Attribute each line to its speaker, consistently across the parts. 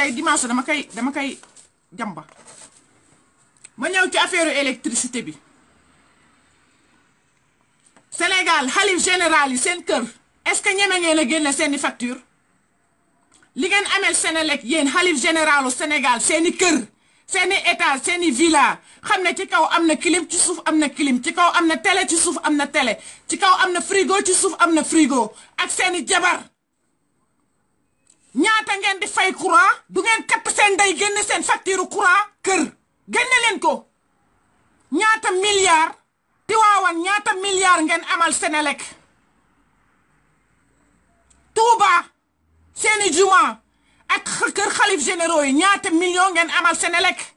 Speaker 1: tey dimanche dama koy dama koy jàmba ma ñëw ci affaire électricité bi Sénégal xalif général yi seen kër est-ce que ñeme ngeen a génne seeni facture li ngeen amel Sénélec yéen xalif généralu Sénégal seeni kër seeni étage seeni villa xam ne ci kaw am na kilim ci suuf am na kilim ci kaw am na télé ci suuf am na télé ci kaw am na frigo ci suuf am na frigo ak seeni jabar ñaata ngeen di fay courant du ngeen katt seen ndey génne seen facture courant kër génne leen ko ñaata milliard Tiwaawan ñaata milliard ngeen amal Senelec Touba seeni juma ak kër xalif généraux yi ñaata million ngeen amal Senelec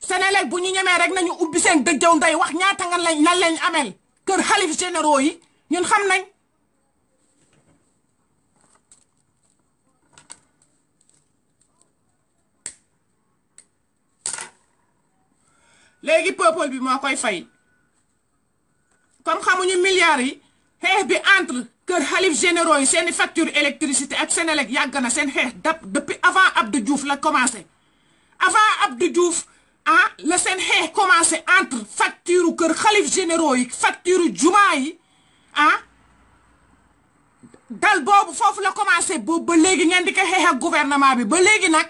Speaker 1: Senelec bu ñu ñemee rek nañu ubbi seen jaw ndey wax ñaata nga lañ lan lañ amel kër xalif généraux yi ñun xam nañ léegi peuple bi moo koy fay comme xamuñu milliards yi xeex bi entre kër xalif généraux yi seeni facture électricité ak Senelec yàgg na seen xeex dab depuis avant Abdou Diouf la commencé avant Abdou Diouf ah la seen xeex commencé entre facture kër xalif généraux yi facture jumaa yi ah dal boobu foofu la commencé boobu ba léegi ngeen di ko xeex ak gouvernement bi ba léegi nag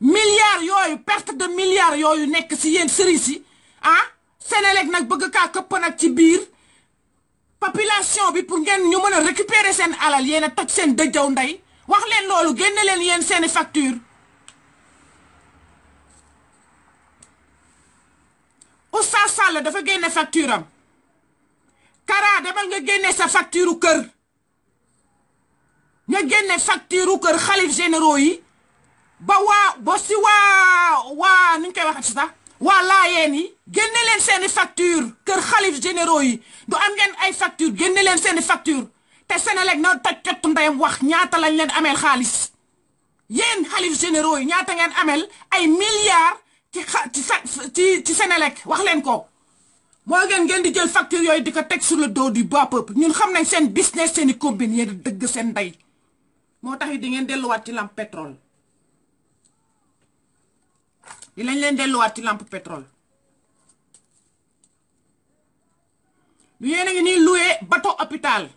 Speaker 1: milliards yooyu perte de milliards yooyu nekk si yéen sëriñ si ah Senelec nag bëgg kaa këpp nag ci biir population bi pour ngeen ñu mën a récupérer seen alal yéen a toj seen dëjëw ndey wax leen loolu génne leen yéen seeni facture Oustaz Sall dafa génne facture am Kara dafa nga génne sa facture kër nga génne facture kër xalif généraux yi ba waa ba si waa waa ni ñu koy wala yeni genné len seni facture keur khalif généraux yi du am ngeen ay facture genné len seni facture te ak na tak kat ndayam wax ñaata lañ len amel xaalis yeen khalif généraux yi ñaata ngeen amel ay milliards ci ci ci Senelec wax len ko mo gën ngeen di jël facture yoy di tek sur le dos du bas peuple ñun xam nañ sen business seeni combine yéen deug sen ndey motax di ngeen wat ci lampe pétrole Il leen delluwaat ci lampe pétrole Nous yéen a loué bateau hôpital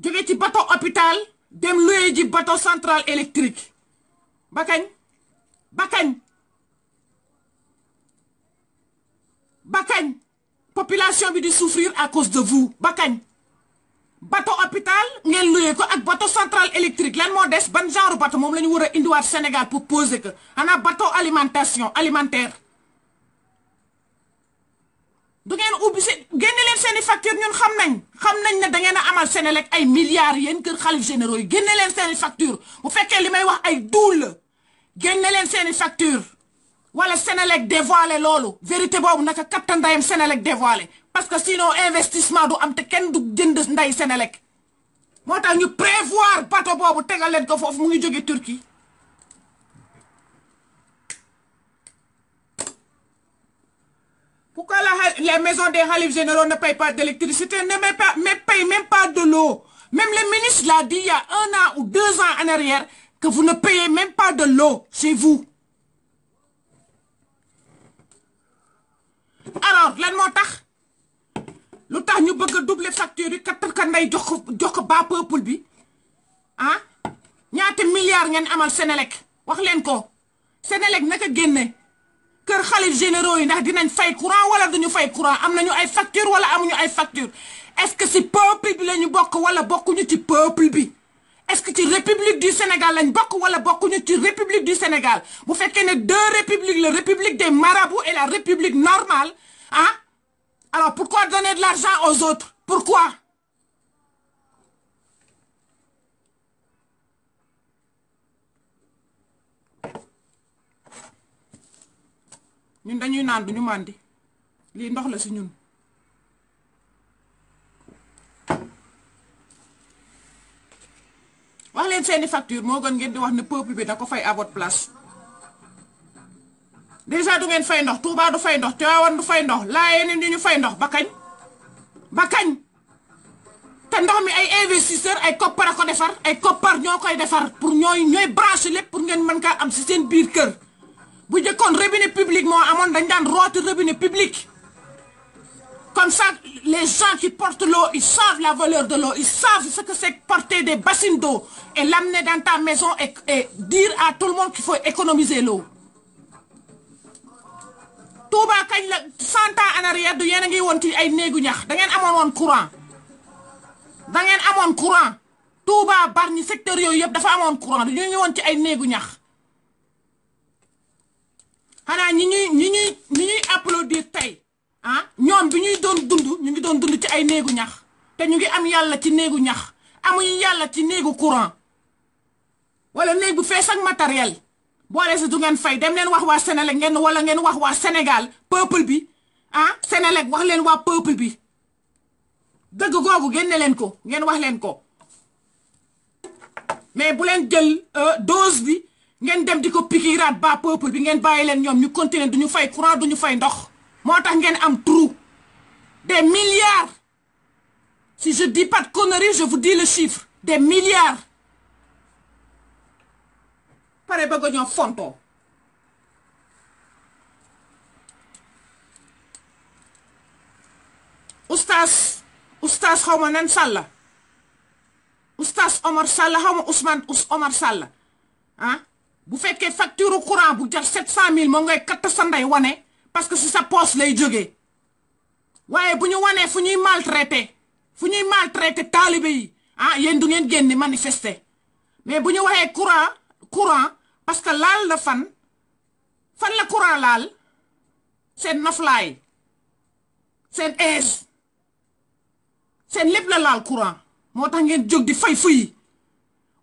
Speaker 1: jóge ci bateau hôpital dem loué du bateau central électrique ba kañ ba population vit de souffrir à cause de vous ba bateau hôpital ngeen luyee ko ak bateau centrale électrique lan moo des ban genre bateau moom la ñu war a indiwaat Sénégal pour poser que xanaa bato alimentation alimentaire du ngeen ubbi seen génne leen seen i facture ñun xam nañ xam nañ ne da ngeen a amal Sénélec ay milliards yéen kër xalif généraux yi génne leen seen i bu fekkee li may wax ay duul la génne leen seen i facture wala Sénélec dévoilé loolu vérité boobu naka kattan ndayam Sénélec dévoilé parce que sinon investissement do am te kenn du jënd nday Senelec ne ñu prévoir bateau bobu tegal ko foofu mu ngi Turquie pourquoi la les maisons des Halifs généraux ne payent pas d'électricité ne paye payent même pas de l'eau même le ministre l'a dit il y a un an ou deux ans en arrière que vous ne payez même pas de l'eau chez vous alors l'année montagne lu tax ñu bëgg doubler facture yi kattan ka nday jox ko jox y ba peuple bi ah ñaata milliards ngeen amal Sénélec wax leen ko Sénélec naka Le kër xalif Général, yi ndax dinañ fay courant wala duñu fay courant am nañu ay facture wala amuñu ay facture est-ce que ci peuple bi lañu bokk wala bokkuñu ci peuple bi est-ce que ci république du Sénégal lañ bokk wala bokkuñu ci république du Sénégal bu y a deux républiques la république des marabouts et la république normale ah Alors pourquoi donner de l'argent aux autres Pourquoi ñun dañuy naan duñu màndi lii ndox la si ñun wax leen seeni facture moo gën ngeen di wax ne peuple bi da ko fay à votre place déjà du ngeen fay ndox Touba du fay ndox du fay ndox layene ni fay ndox ba kañ ba ndox mi ay ay ay pour ñoy ñoy pour ngeen man am si seen biir kër bu robinet public publiquement, dañ dan comme ça les gens qui portent l'eau ils savent la valeur de l'eau ils savent ce que c'est porter des bassines d'eau et l'amener dans ta maison et dire à tout le monde qu'il faut économiser l'eau touba kañ la Santa ans en arrière du yéen a ngi woon ci ay néegu ñax da ngeen amone won courant da ngeen amone courant touba barni secteur yoy yeb dafa amone courant du ñu ngi ci ay ñax ñi ñi ñi ñi applaudir tay ah ñom bi ñuy doon dund ñu ngi doon dund ci ay néegu ñax te ñu ngi am yalla ci negu ñax amuñu yalla ci material courant wala fess ak matériel boo mais si du ngeen fay dem leen wax waa Sénégal, ngeen wala wax Sénégal peuple bi ah sénégal wax leen waa peuple bi dëgg googu ko wax ko mais bu leen jël euh, dose bi ngeen dem di ko ba peuple bi ngeen bàyyi leen ñoom ñu fay courant duñu fay ndox moo am des milliards si je dis pas de conneries je vous dis le chiffre des milliards pare bëgg ñoo fontoo oustaz oustaz xaw ma nan sàlla oustaz Omar Sall xaw ma Ousmane Omar Sall ah bu fekkee facture courant bu jar sept cent mille moom ngay katt sa ndey wane parce que si sa poche lay jógee waaye bu ñu wanee fu ñuy maltraité fu ñuy maltraité taalibe yi ah yéen du ngeen génn manifester mais bu ñu waxee courant courant parce que laal na fan fan la courant laal seen noflaay seen aise seen lépp la laal courant moo tax ngeen jóg di fay fuy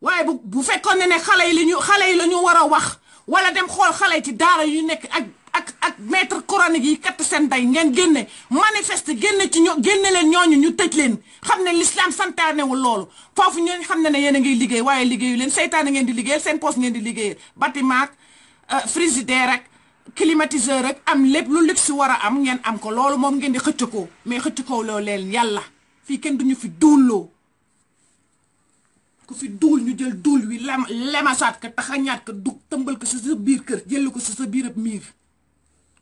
Speaker 1: waaye bu bu fekkoon ne ne xale yi la xale yi la war a wax wala dem xool xale yi ci daara yu nekk ak ak ak maître coranique yi katt seen day ngeen génne manifeste génne ci ñoo génne leen ñooñu ñu tëj leen xam ne l'islam santaanewul loolu foofu ñooñu xam ne na yéen a ngiy liggéey waaye liggéeyu leen seytaane ngeen di liggéeyal seen poste ngeen di liggéeyal bâtiment ak euh, frigidaire ak climatiseur ak am lépp lu luxe war a am ngeen am ko loolu moom ngeen di xëccukoo mais xëccukoo loo leen yàlla fii kenn du ñu fi duulloo ku fi duul ñu jël duul wi lem lemasaat ka taxañaat ka dug tëmbal ko sa biir kër jël ko sa sa biir ab miir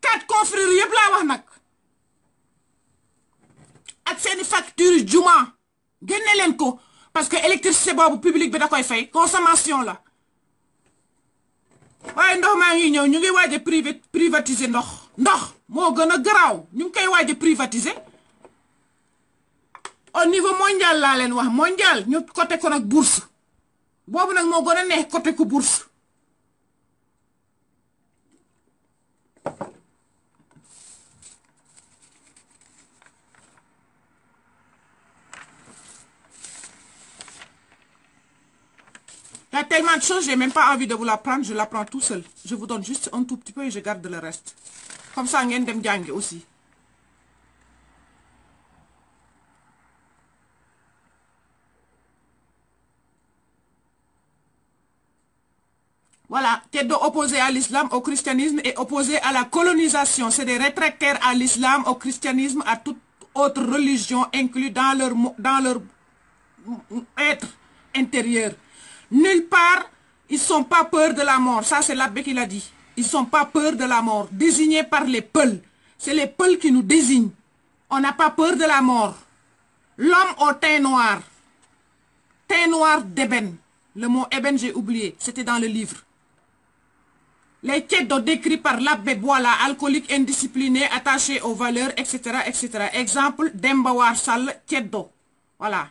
Speaker 1: quatre confrères yëpp laa wax nag ak seeni facture juma génne leen ko parce que électricité boobu public bi da koy fay consommation la waaye ndox maa ngi ñëw ñu ngi waaje a privé privatiser ndox ndox moo gën a garaaw ñu ngi koy waaj a privatiser au niveau mondial laa leen wax mondial ñu côté ko nag bourse boobu nag moo gën a neex côté ko bourse Il y a tellement de choses, je n'ai même pas envie de vous la prendre. Je la prends tout seul. Je vous donne juste un tout petit peu et je garde le reste. Comme ça, on voilà, allez aussi. Voilà, est opposé à l'islam, au christianisme et opposé à la colonisation. C'est des rétractaires à l'islam, au christianisme, à toute autre religion inclus dans leur, dans leur être intérieur. Nulle part, ils sont pas peur de la mort. Ça, c'est l'abbé qui l'a dit. Ils sont pas peur de la mort. Désignés par les peuls. C'est les peuls qui nous désignent. On n'a pas peur de la mort. L'homme au teint noir. Teint noir d'ébène. Le mot ébène, j'ai oublié. C'était dans le livre. Les quêtes décrits par l'abbé voilà, alcoolique, indiscipliné, attaché aux valeurs, etc. etc. Exemple, Dembawar Sal, Keddo. Voilà.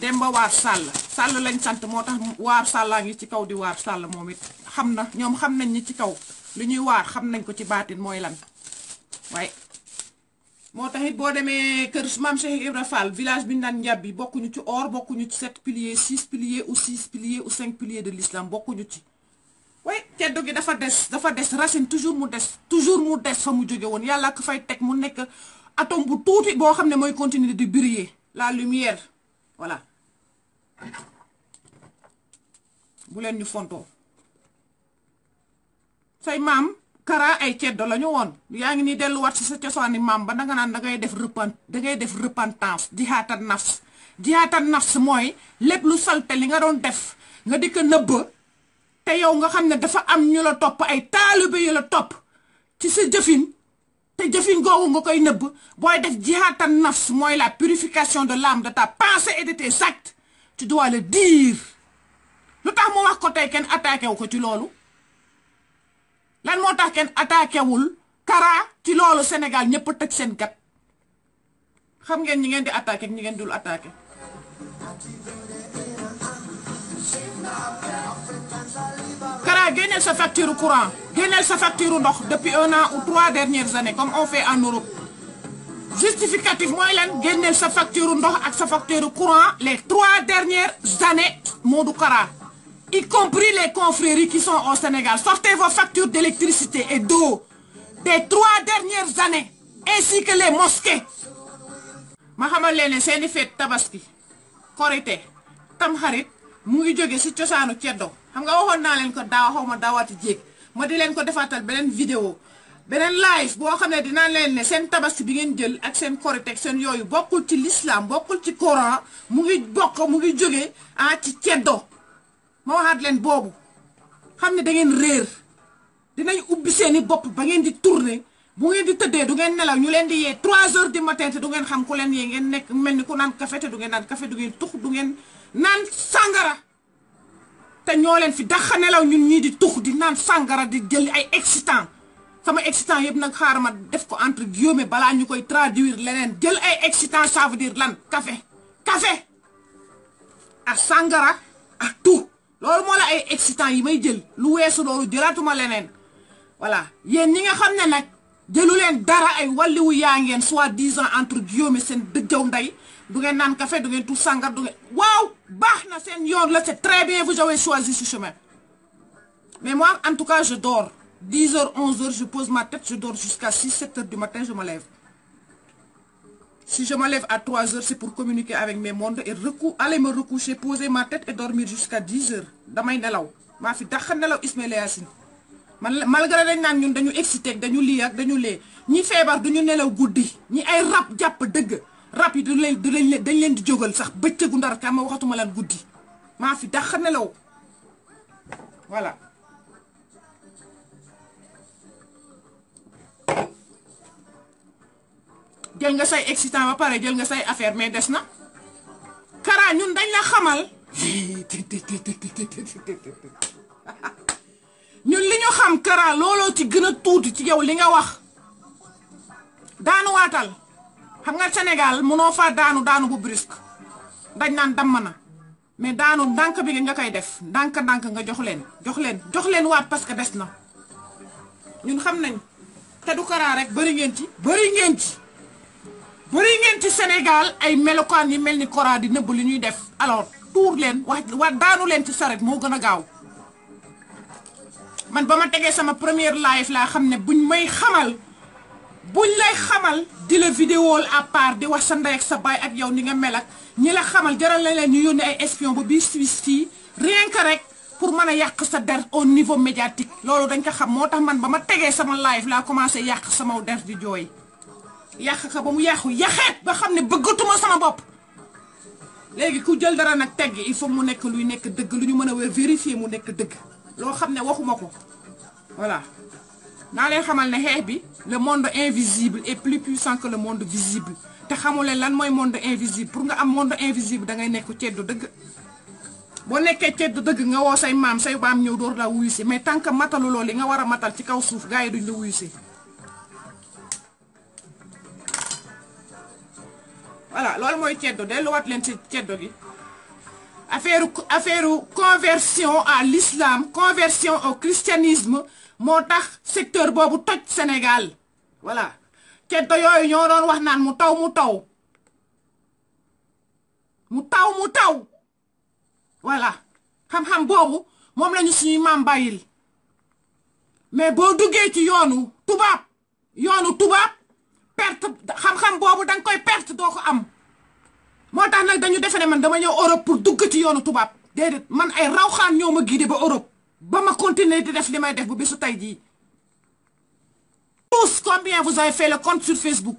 Speaker 1: Demba Waar sàll Sall lañ sant moo tax waar sàllaa ngi ci kaw di waar sàll moom it xam na ñoom xam nañ ni ci kaw lu ñuy waar xam nañ ko ci baatin mooy lan waaye moo tax it boo demee kër maam Cheikh Ibra Fall village bi ñu naan njab bi bokkuñu ci or bokkuñu ci sept piliers six piliers ou six piliers ou cinq piliers de l'islam bokkuñu ci way teddu gi dafa des dafa des racine toujours mu des toujours mu des sa mu jógee woon yàlla ko fay teg mu nekk atome bu tuuti boo xam ne mooy continuer di briller la lumière voilà bu len ñu fonto say mam, kara ay ceddo la ñu woon yaa ngi ni delluwaat si sa cosaani mam ba nan da ngay def repent ngay def repentance jihatan nafs jihaata nafs moy lepp lu salté li nga don def nga dik neub te yow nga xamne dafa am ñu la top ay talibé yu la top ci sa jëfine te jëfin googu nga koy neub boy def jihatan nafs moy la purification de l'âme de ta pensée et de tes actes tu dois le dire le tax mu côté ko attaqué ko ci loolu lan mo tax ken attaqué wul Kara ci loolu Sénégal ñepp a sen seen gat xam ngeen ñi ngeen di attaqué ñi ngeen dul attaqué. Kara génneel sa facture courant génneel sa facture ndox depuis un an ou trois dernières années comme on fait en Europe. Justificativement, il lan gagné sa facture ndox ak sa facture courant les trois dernières années Modou Kara y compris les confréries qui sont au Sénégal sortez vos factures d'électricité et d'eau des trois dernières années ainsi que les mosquées ma xamal leen ne seeni tabaski korite tamxarit mu ngi jóge ci cosaanu ceddo xam nga waxoon naa leen ko vous ma daawaati jéeg vidéo beneen live boo xam ne dinaa leen ne seen tabaski bi ngeen jël ak seen te seen yooyu bokkul ci l'islam bokkul ci coran mu ngi bokk mu ngi jógee ah ci ceddo ma waxaat leen boobu xam ne da ngeen réer dinañ ubbi seeni bopp ba ngeen di tourner bu ngeen di tëddee du ngeen nelaw ñu leen di yee trois heures du matin te du ngeen xam ku leen yee ngeen nekk mel ni ku naan café te du ngeen naan café du ngeen tux du ngeen naan sàngara te ñoo leen fi daxa nelaw ñun di tux di naan sàngara di jël ay excitant sama excitant yëpp nag xaaral def ko entre guillemets bala ñukoy traduire lenen djel ay excitant ça veut dire lan café café a Sangara, à tout lolou mo la ay excitant yi may djel lu weesu loolu jëlaatuma lenen voilà yeen ñi nga xam nak djelu jëlu dara ay walliwu yaa ngeen 10 disant entre guillemets seen dëjjaw nday du ngeen nan café du ngeen tout sangar du ngeen waaw baxna sen yoon la c'est très bien vous avez choisi ce chemin mais moi en tout cas je dors 10h, 11h, je pose ma tête, je dors jusqu'à 6, 7h du matin, je me lève. Si je me lève à 3h, c'est pour communiquer avec mes mondes et recou aller me recoucher, poser ma tête et dormir jusqu'à 10h. Damay nelaw. Ma fi dakh nelaw malgré les gens, ñun dañu excités, dañu lii nous dañu lee ñi feebar duñu nelaw guddi ñi ay rab jàpp dëgg rab yi du dañ leen di sax ndar ka ma waxatuma fi voilà jël nga say excitant ba pare jël nga say affaire mais des na karaa ñun dañ la xamal ñun li ñu xam Kara looloo ci gën a tuuti ci yow li nga wax daanuwaatal xam nga Sénégal mënoo faa daanu daanu bu brusque dañ naan damm na mais daanu ndànk bi nga koy def ndànk-ndànk nga jox leen jox leen jox leen waat parce que des na ñun xam nañ te du Kara rek bëri ngeen ci bëri ngeen ci Bringen ngeen ci senegal ay melokan yi melni cora di neub li ñuy def alors tour len wa daanu len ci saret mo gëna gaaw man bama tege sama premier live laa xamne buñ may xamal buñ lay xamal di le vidéo à part di wax sa nday ak sa bay ak yow ni nga mel ak ñi la xamal jaral la ñu yoni ay espion bu bi Suisse rien que rek pour mëna a sa der au niveau médiatique lolu dañ ko xam motax man bama tege sama live laa commencé yàq sama der di joy yàq ko ba mu yàqu yaxeet ba xam ne bëggatuma sama bopp léegi ku jël dara nag tegg il faut mu nekk luy nekk dëgg lu ñu mën a vérifier mu nekk dëgg loo xam ne waxuma ko voilà naa leen xamal ne xeex bi le monde invisible est plus puissant que le monde visible te xamuleen lan mooy monde invisible pour nga am monde invisible da ngay nekk ceddu dëgg boo nekkee ceddu dëgg nga woo say maam say baam ñëw door la wuyu si mais tant que matalu loolu li nga war a matal ci kaw suuf gars duñ la wuyu voilà moy tieddo ceddo wat len ci tieddo gi affaire affaire conversion à l'islam conversion au christianisme moo secteur bobu toj Sénégal voilà tieddo yoy ñoo doon wax naan mu taw mu taw mu taw mu taw voilà xam-xam bobu mom lañu suñu mam bayil mais bo duggé ci yoonu tubaab yoonu tubaab perte xam-xam boobu koy perte doo ko am motax nak dañu defene man dama Europe pour dugg ci yoonu tubaab dedet man ay rawxaan ñoo ma guidé ba Europe ba ma continuer di def des may def bu bisu tay jii tous combien vous avez fait le compte sur Facebook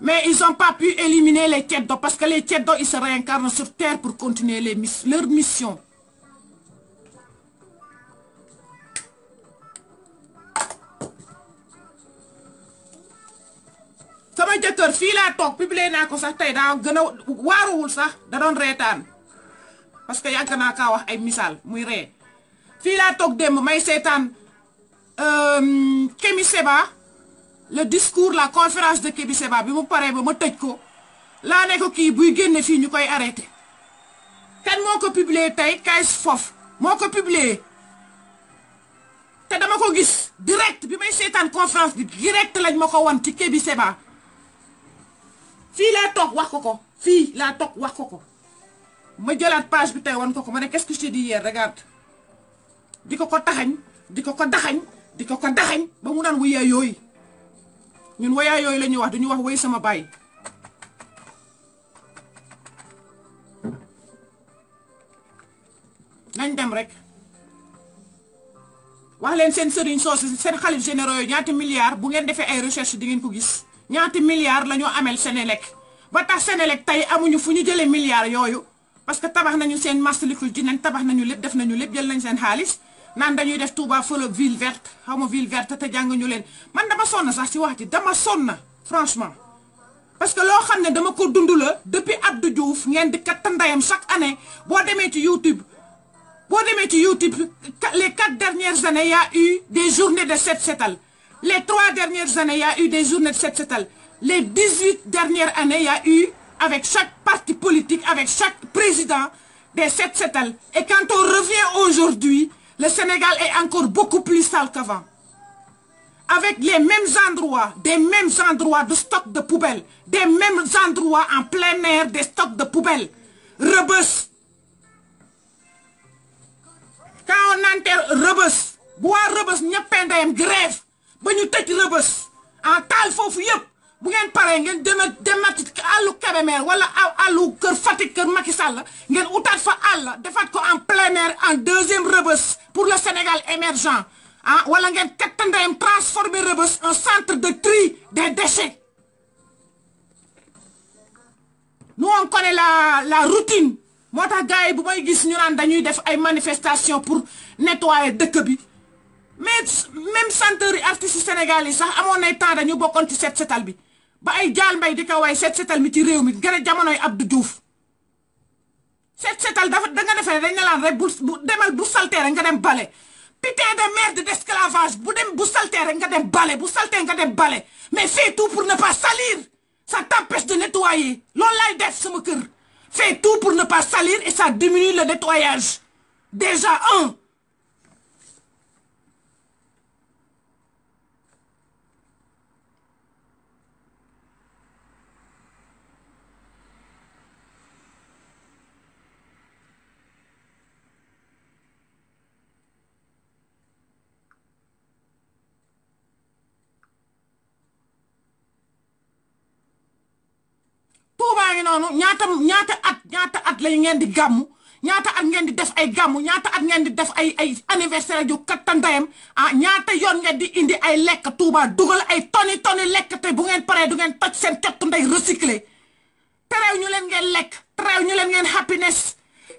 Speaker 1: mais ils n'ont pas pu éliminer les Tcheddo parce que les Tcheddo ils se réincarnent sur terre pour continuer les miss leur mission ma jëkkër fii laa toog publier naa ko sax tey daa gën a waaruwul sax da doon reetaan parce que yàgg naa kaa wax ay misaal muy ree fii laa toog démb may seetaan euh, kemi Seba le discours la conférence de Kémi Seba bi mu paree ba ma tëj ko laa ne ko kii buy génne fii ñu koy arrêté kan moo ko publier tey Kayz Fof moo ko publier te dama ko gis direct bi may seetaan conférence bi direct lañ ma ko wan ci Kémi Seba fii laa toog wax ko ko fii laa toog wax ko ko ma jëlaat page bi tey wan ko ko ma ne qu'est-ce que je t'ai di ko ko taxañ di ko ko daxañ di ko ko daxañ ba mu naan woyaa yooyu ñun woyaa yooyu lañuy ñuy wax duñu wax woy sama baay nañ dem rek wax leen seen sëriñ soosu seen xalif généraux yooyu ñaata milliards bu ngeen defee ay recherche di ngeen ko gis des milliards lañu amel Sénélec ba tax Sénélec amuñu milliards parce que tabax nañu seen tabax nañu lepp def nañu lepp jël nañ seen dañuy def Touba ville verte ville verte leen man dama sax ci wax dama franchement. parce que lo dama ko depuis Abdou Diouf di kat chaque année bo démé ci YouTube ci YouTube les quatre dernières années y a eu des journées de sept sétal les trois dernières années, il y a eu des journées de 7 7 Les 18 dernières années, il y a eu, avec chaque parti politique, avec chaque président, des 7 7 Et quand on revient aujourd'hui, le Sénégal est encore beaucoup plus sale qu'avant. Avec les mêmes endroits, des mêmes endroits de stock de poubelles, des mêmes endroits en plein air, des stocks de poubelles. Rebus. Quand on enterre Rebus, bois Rebus, n'y a pas grève bañu ñu tëj en tal fofu yëpp bu ngeen paré ngeen demee demati àllu Kébémer wala àllu keur Fatick keur Macky Sall ngeen outat fa àll defat ko en plein air en deuxième rëbës pour le Sénégal émergent ah wala ngeen kattandayam transformer rëbës en centre de tri des déchets nous on connaît la la routine moo tax bu may gis ñu nan dañuy def ay manifestations pour nettoyer dëkk bi mais même chanteur artiste sénégalais sax amoon temps dañu bokon ci set setal bi ba ay cette mbay way setal mi ci mi a Abdou Diouf Cette setal da nga defé dañ ne bu bu salté nga dem putain de merde d'esclavage bu dem bu salté nga bu nga mais fais tout pour ne pas salir ça t'empêche de nettoyer loolu laay def sama fais tout pour ne pas salir et ça diminue le nettoyage déjà un tuubaa ngi noonu ñaata ñaata at ñaata at lay ngeen di gàmmu ñaata at ngeen di def ay gàmmu ñaata at ngeen di def ay ay anniversaire yu kattandayam ah ñaata yoon ngeen di indi ay lekk tuubaan dugal ay toni toni lekk te bu ngeen paree du ngeen toj seen cottu ndey recyclé terew ñu leen ngeen lekk terew ñu leen ngeen happiness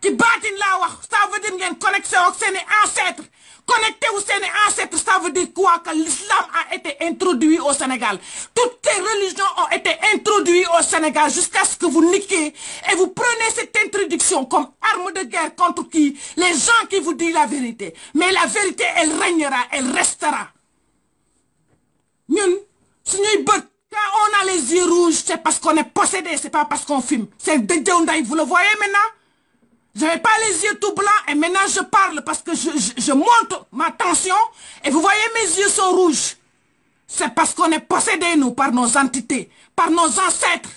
Speaker 1: qui wax ça veut dire connecté ak ancêtres ancêtre connecté ou ça veut dire quoi que l'islam a été introduit au Sénégal toutes les religions ont été introduites au Sénégal jusqu'à ce que vous niquez et vous prenez cette introduction comme arme de guerre contre qui les gens qui vous disent la vérité mais la vérité elle régnera elle restera quand on a les yeux rouges c'est parce qu'on est possédé c'est pas parce qu'on fume c'est vous le voyez maintenant je n'avais pas les yeux tout blancs et maintenant je parle parce que je, monte ma tension et vous voyez mes yeux sont rouges. C'est parce qu'on est possédé, nous, par nos entités, par nos ancêtres.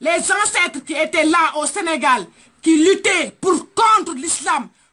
Speaker 1: Les ancêtres qui étaient là au Sénégal, qui luttaient pour contre l'islam,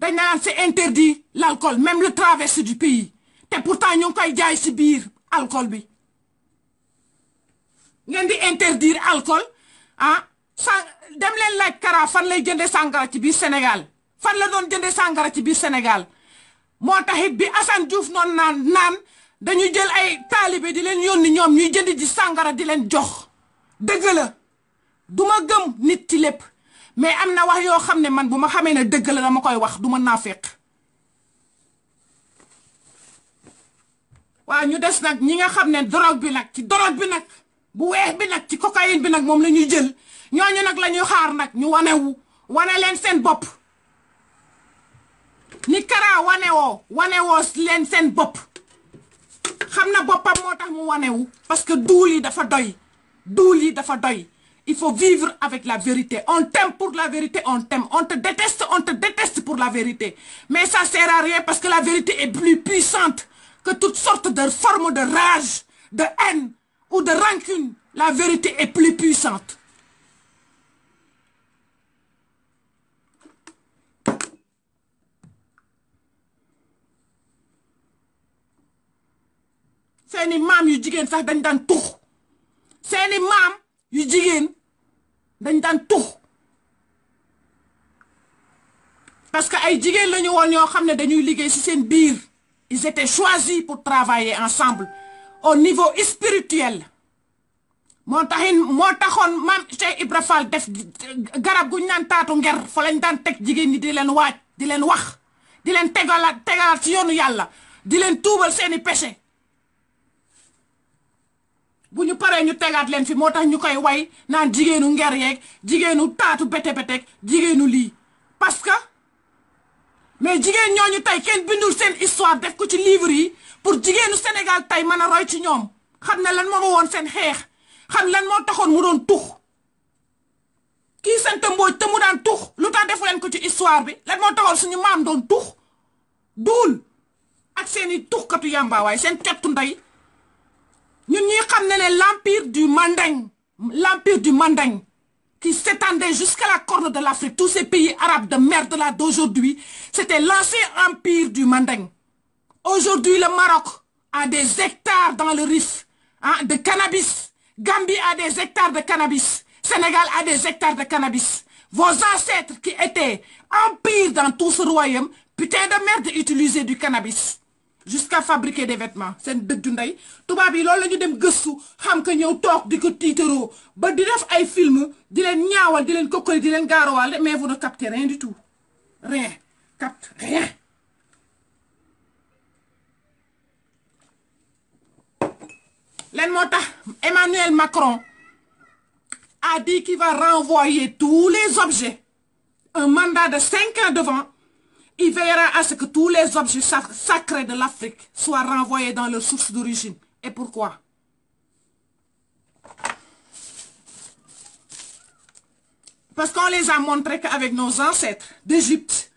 Speaker 1: D'ailleurs c'est interdit l'alcool même le traversé du pays T'es pourtant ñu qui koy jaay ci biir alcool bi di interdire alcool hein? sa dem leen laaj Kara fan lay jënde ci Sénégal fan la doon jënde Sangara ci biir Sénégal moo taxit bi Assane Diouf non nan, nan dañu jël ay talibé di len yónni ñom ñuy jënd ji sangara di len jox deug la duma gëm nit ci lepp mais am na wax yoo xam ne man bu ma xamee ne dëgg la ma koy wax du ma naafeq waaw ñu des nag ñi nga xam ne drogue bi nag ci drogue bi nag bu weex bi nag ci cocaïne bi nag moom la ñuy jël ñooñu nag la xaar nag ñu wanewu wane leen seen bopp ni karaa wanewoo wanewoo leen seen bopp xam na boppam moo tax mu wanewu parce que duul yi dafa doy duul yi dafa doy Il faut vivre avec la vérité. On t'aime pour la vérité, on t'aime. On te déteste, on te déteste pour la vérité. Mais ça sert à rien parce que la vérité est plus puissante que toutes sortes de formes de rage, de haine ou de rancune. La vérité est plus puissante. C'est yu ça sax dañ C'est C'est you yu in dañ parce que ay jigéen lañu won ño xamné ne dañuy liggéey ci sen biir ils étaient choisis pour travailler ensemble au niveau spirituel mo taxine mo taxone mam Cheikh Ibra Fall def garab guñ nan tatou nger fa lañ dan tek jigéen ni di len waaj di len wax di len tegalaat tegalaat ci yoonu yalla di len toubal seeni péché bu ñu paree ñu tegaat leen fi moo tax ñu koy way naan jigéenu nger yeeg jigéenu taatu bete beteeg jigéenu lii parce que mais jigéen ñooñu tey kenn bindul seen histoire def ko ci livre yi pour jigéenu Sénégal tey man a roy ci ñoom xam ne lan moo woon seen xeex xam lan moo taxoon mu doon tux kii sant Mbodj te mu daan tux lu tax defu leen ko ci histoire bi lan moo taxoon suñu maam doon tux duul ak seen i tuxkatu yàmbaawaay seen cottu ndey Nous sommes l'empire du Manding l'empire du Manding qui s'étendait jusqu'à la corne de l'Afrique tous ces pays arabes de merde là d'aujourd'hui c'était l'ancien empire du Manding aujourd'hui le Maroc a des hectares dans le Rif hein, de cannabis Gambie a des hectares de cannabis Sénégal a des hectares de cannabis vos ancêtres qui étaient empires dans tout ce royaume putain de merde utilisaient du cannabis jusqu'à fabriquer des vêtements C'est dëgju ndey tubaab bi lolou lañu dem gëstu xam que ñëw tok diko titero ba di def ay film di len ñaawal di len kokkali di len garowal mais vous ne captez rien du tout rien capte rien len motax Emmanuel Macron a dit qu'il va renvoyer tous les objets un mandat de cinq ans devant il veillera à ce que tous les objets sacrés de l'Afrique soient renvoyés dans leur source d'origine. Et pourquoi Parce qu'on les a montrés qu'avec nos ancêtres d'Égypte,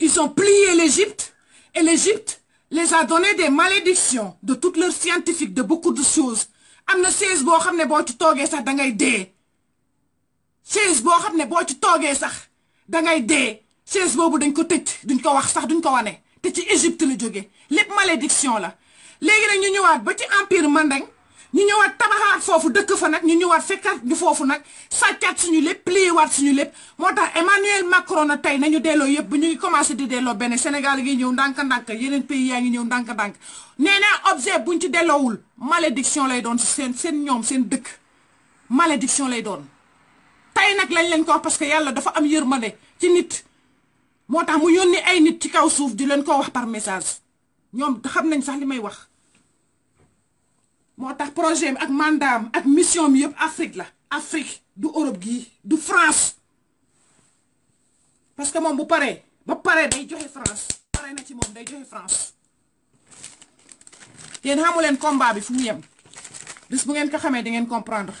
Speaker 1: ils ont plié l'Égypte et l'Égypte les a donné des malédictions de toutes leurs scientifiques, de beaucoup de choses. chaise boobu dañ ko tëj duñ ko wax sax duñ ko wane te ci Égypte la jógee lépp malédiction la léegi nag ñu ñëwaat ba ci empire Mandeng ñu ñëwaat tabaxaat foofu dëkk fa nag ñu ñëwaat fekkaat ñu foofu nag sàccaat suñu lépp pliyewaat suñu lépp moo tax Emmanuel Macron na tey nañu delloo yëpp bu ñu commencé di delloo benn Sénégal ngi ñëw ndànk-ndànk yeneen pays yaa ngi ñëw ndànk-ndànk nee naa objet buñ ci delloowul malédiction lay doon seen seen ñoom seen dëkk malédiction lay doon tey nag lañ leen ko wax parce que yàlla dafa am yërmande ci nit motax mu yoni ay nit ci kaw souf di len ko wax par message ñom xam nañ sax limay wax motax projet ak mandam ak mission Afrique la Afrique du Europe gi du France parce que mom bu paré ba paré day joxe France pare na ci mom day joxe France yeen hamulen combat bi fu ñem bis bu ngeen ko xamé di ngeen comprendre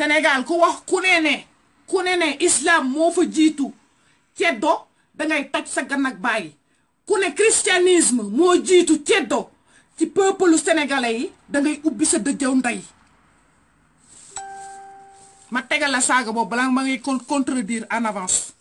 Speaker 1: Sénégal ku wax ku ne ne ku ne ne islam moo fa jiitu ceddo dangay taj sa gan ak ku ne christianisme moo jiitu ceddo ci peuple sénégalais yi dangay ubbi sa dëjëw ndey ma tegal la saaga boobu balaa ma ngay contredire en avance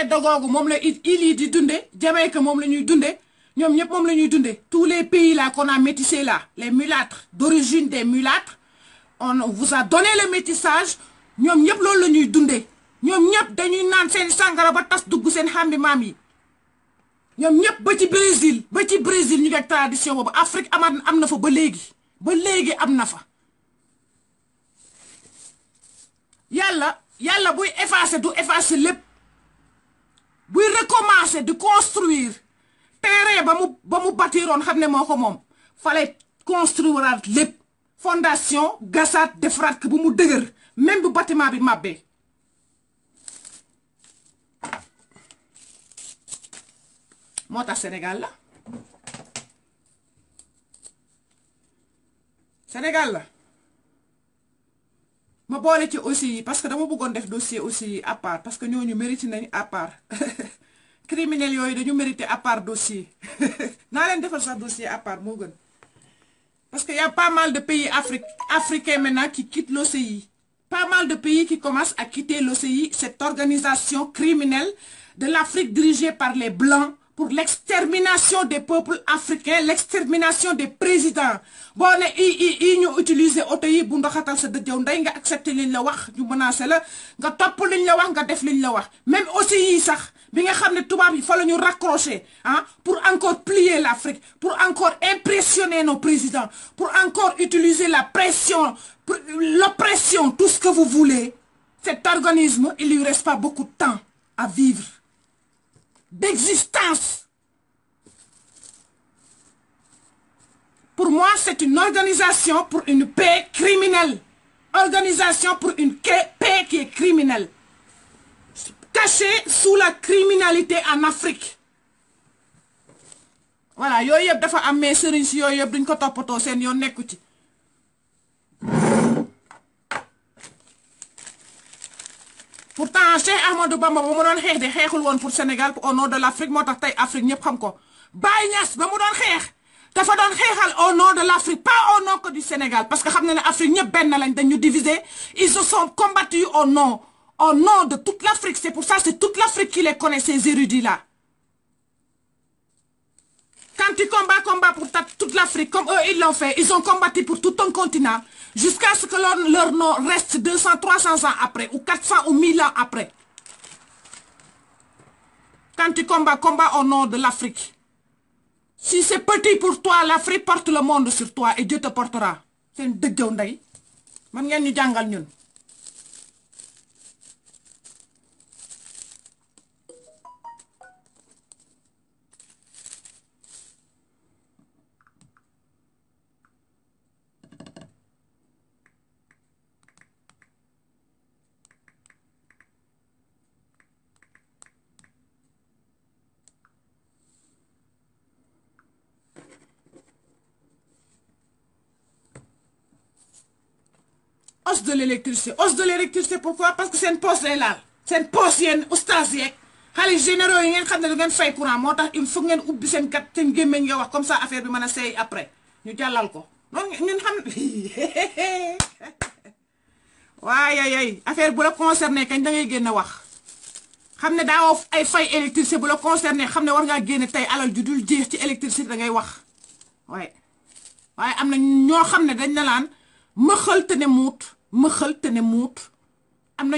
Speaker 1: ceddo il moom il il dit di dunde Jamaïque moom la ñuy dunde ñoom pas moom la ñuy tous les pays là qu'on a métissé là les mulâtres d'origine des mulâtres on vous a donné le métissage nous ñëpp loolu la ñuy d'une ñoom ñëpp dañuy naan seen sàngara ba la dugg seen xambi maam yi ñoom ba ci Brésil petit Brésil ñu pas ak tradition Afrique amaat am na fa ba léegi ba am fa yalla yalla buy effacer du buy recommencer di construire terrain ba mu ba mu bâtiroon xam ne moo ko moom fallait construiraat lépp fondation gasaat defaraat ko bu mu dëgër même bu bâtiment bi mabbe moo tax Sénégal la Sénégal la ma boole ci aussi parce que dama bëggoon def dossier aussi à part parce que nous nous nañ à part criminel yooyu dañu à part dossier naa leen defal sax dossier à part parce qu'il y a pas mal de pays africains maintenant qui quittent l'OCI pas mal de pays qui commencent à quitter l'OCI cette organisation criminelle de l'Afrique dirigée par les blancs pour l'extermination des peuples africains l'extermination des présidents Bon, ils ont utilisé i utiliser oto bu ils sa accepté les nga accepter les la wax ñu même aussi ils sax bi nga tout ah, pour encore plier l'Afrique pour encore impressionner nos présidents pour encore utiliser la pression l'oppression tout ce que vous voulez cet organisme il lui reste pas beaucoup de temps à vivre d'existence. Pour moi, c'est une organisation pour une paix criminelle. Organisation pour une paix qui est criminelle. Cachée sous la criminalité en Afrique. Voilà, dafa duñ ko pourtant Cheikh Ahmadou Bamba je vais vous de xeexul pour Sénégal au nom de l'Afrique, je moo tax tey Afrique je xam ko au nom de l'Afrique, pas au nom du Sénégal parce que l'Afrique na que Afrique est benn ils se sont combattus au nom au nom de toute l'Afrique, c'est pour ça que toute l'Afrique qui les connaît ces érudits là. Quand tu combats, combats pour toute l'Afrique, comme eux, ils l'ont fait. Ils ont combattu pour tout ton continent, jusqu'à ce que leur, nom reste 200, 300 ans après, ou 400 ou 1000 ans après. Quand tu combats, combats au nom de l'Afrique. Si c'est petit pour toi, l'Afrique porte le monde sur toi et Dieu te portera. C'est une hausse de l'électricité hausse de l'électricité pourquoi parce que seen poste lay laal seen poste, yéen oustaz yeeg xale généraux yi ngeen xam ne du ngeen fay courant moo il faut ngeen ubbi seen kat seen gémmiñ nga wax comme ça affaire bi mën a seey après ñu jàllal ko noonu ñun xam waaye affaire bu le concerner, kañ da ngay génn wax xam ne daawoo ay fay électricité bu la concerné xamne war nga génn tay alal ju dul jeex ci électricité da ngay wax waaye waaye amna na xamne dañ na lan mëxal te ne muut je ne muut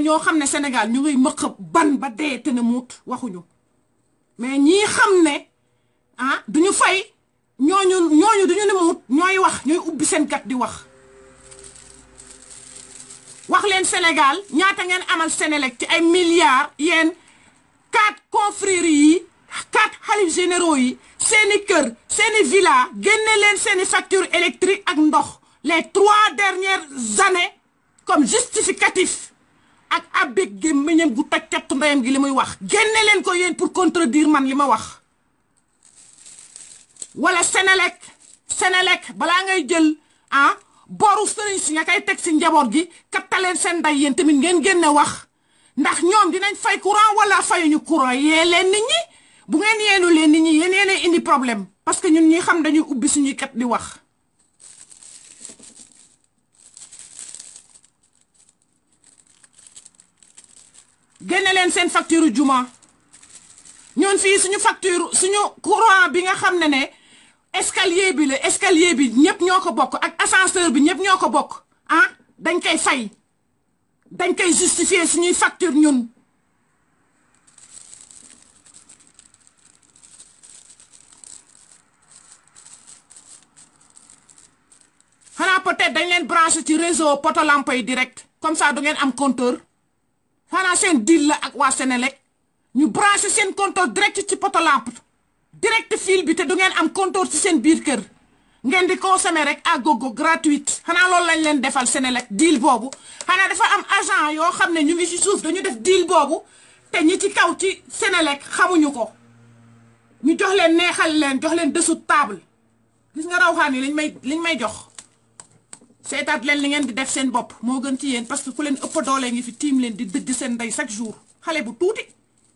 Speaker 1: ñoo Sénégal ban ba ne mais ah duñu fay duñu ne mout ñoy wax ñoy ubbi sen Sénégal ñaata ngeen amal Sénélec ci ay milliards quatre confréries quatre généraux yi seeni électrique les trois dernières années comme justificatif ak abbé gémmiñam gu toj cat ndeyam gi limuy wax genné len ko yeen pour contredire man lima wax wala senelek senelek bala ngay jël ah boru serigne ci nga koy teg si njaboot gi kattaleen sen nday yeen tamit ngeen genné wax ndax ñom dinañ fay courant wala fayuñu courant yee len nit ñi bu ngeen yeenu len nit ñi yeneene indi problème parce que ñun ñi xam dañuy ubbi suñu kat di wax génne leen seen facture juma ñun fii suñu facture suñu courant bi nga xam ne ne escalier bi la escalier bi ñëpp ñoo ko bokk ak ascenseur bi ñëpp ñoo ko bokk ah dañ koy fay dañ koy justifier suñuy facture ñun xanaa peut-être dañ leen branché ci réseau poto lampe yi direct comme ça du ngeen am compteur xanaa seen deal la ak waa Sénélec ñu branché seen compteur direct ci poto lampe direct fil bi te du ngeen am compteur ci seen biir kër ngeen di ko consommer rek agogo gogo gratuite xanaa loolu lañ leen defal senelek deal boobu xanaa dafa am agent yoo xam ne ñu ngi ci suuf dañu def deal boobu te ñi ci kaw ci Sénélec xamuñu ko ñu jox leen neexal leen jox leen dessous table gis nga rawxaan yi liñ may liñ may jox seetaat leen li ngeen di def seen bopp moo gën ci yéen parce que ku leen ëpp doole ngi fi tiim leen di dëgg seen ndey chaque jour xale bu tuuti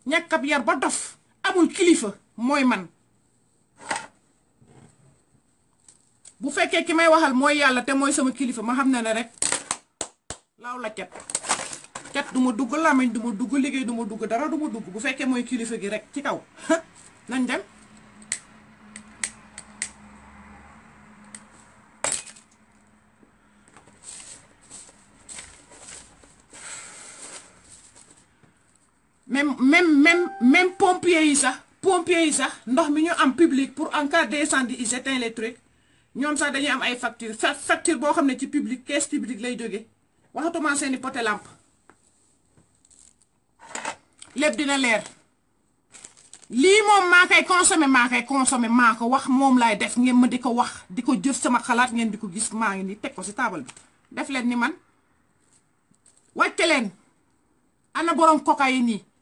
Speaker 1: ñàkk ab yar ba dof amul kilifa mooy man bu fekkee ki may waxal mooy yàlla te mooy sama kilifa ma xam ne ne rek laaw la cat cat du ma dugg làmmiñ du dugg liggéey du dugg dara du ma dugg bu fekkee mooy kilifa gi rek ci kaw nañ dem même même même même pompiers yi sax pompiers yi sax ndox mi ñu am public pour en cas d'incendie ils éteignent les trucs ñoom sax dañuy am ay facture facture boo xam ne ci public caisse publique lay jóge waxatuma seeni poté lampe lépp dina leer lii moom maa koy consommé maa koy consommé maa ko wax moom laay def ngeen ma di ko wax di ko jëf sama xalaat ngeen di ko gis maa ngi nii teg ko si taabal bi def leen ni man wàcce leen ana borom cocaïne yi nii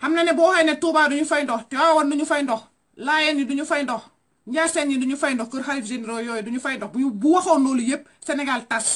Speaker 1: xam na ne boo waxee ne Touba du ñu fay ndox Tivaouane du ñu fay ndox Laayeen yi du ñu fay ndox Ndiassane yi du ñu fay ndox kër xalif généraux yooyu du ñu fay ndox bu bu waxoon loolu yëpp Sénégal tas.